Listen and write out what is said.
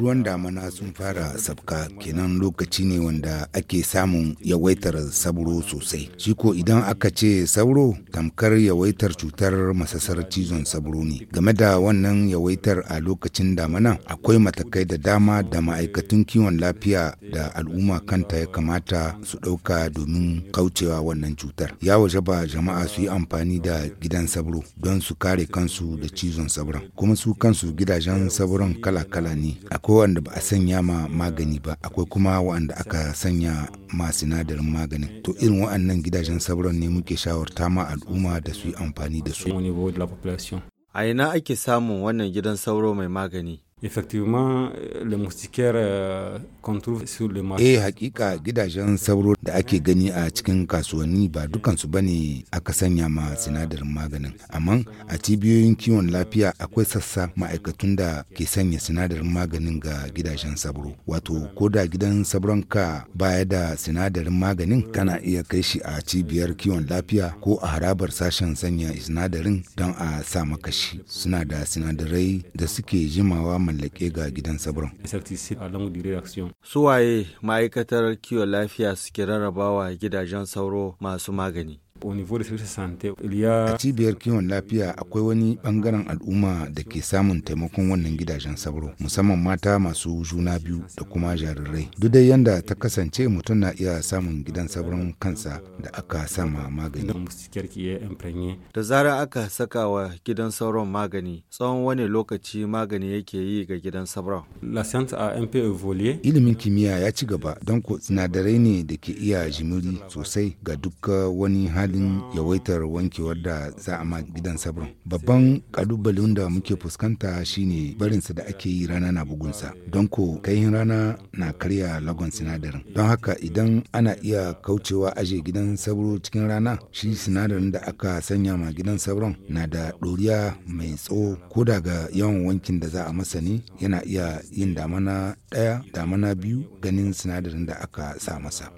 Ruwan damana sun fara sabka kenan lokaci ne wanda ake samun yawaitar sabro sosai. Shi ko idan aka ce sauro tamkar yawaitar cutar masasar cizon sabro ne. Game da wannan yawaitar a lokacin damana akwai matakai da dama da ma'aikatun kiwon lafiya da al'umma kanta ya kamata su ɗauka domin kaucewa wannan cutar. Ya waje ba jama'a su yi amfani da gidan sabro don su kare kansu da cizon sabron. Kuma su kansu gidajen sabron kala kala-kala ne akwai wanda ba a sanya ma magani ba akwai kuma wanda aka sanya ma sinadarin maganin to irin wa'annan gidajen sauran ne muke shawarta ma al'umma da su yi amfani da su a ina ake samun wannan gidan sauro mai magani effectivement le moustiquaire euh, qu'on trouve sur le marché. Eh hakika gidajen sauro da ake gani a cikin kasuwanni ba dukansu bane aka sanya ma sinadarin maganin amma a cibiyoyin kiwon lafiya akwai sassa ma'aikatun da ke sanya sinadarin maganin ga gidajen sauro wato ko da gidan sabron ka baya da sinadarin maganin kana iya kai shi a cibiyar kiwon lafiya ko a harabar sashen sanya sinadarin don a sa maka shi suna da sinadarai da suke jimawa mallake ga gidan sabron. Suwaye ma'aikatar kiwon lafiya suke rarrabawa gidajen sauro masu magani. A cibiyar kiwon lafiya akwai wani bangaren al'umma da ke samun taimakon wannan gidajen sauro musamman mata masu juna biyu da kuma jarirai. Duk da yanda ta kasance mutum na iya samun gidan sauron kansa da aka sama magani. Da zarar aka saka wa gidan sauron magani tsawon wani lokaci magani yake yi ga gidan sauron. Ilimin kimiyya ya ci gaba don ko sinadarai ne da ke iya jimiri sosai ga duk wani hali halin yawaitar wankewar da za a ma gidan sabon babban kalubalen da muke fuskanta shine barinsa da ake yi rana na bugunsa don ko kayin rana na karya lagon sinadarin don haka idan ana iya kaucewa aje gidan sabro cikin rana shi sinadarin da aka sanya ma gidan sabron na da ɗoriya mai tsawo ko daga yawan wankin da za a masa ne yana iya yin damana ɗaya damana biyu ganin sinadarin da aka sa masa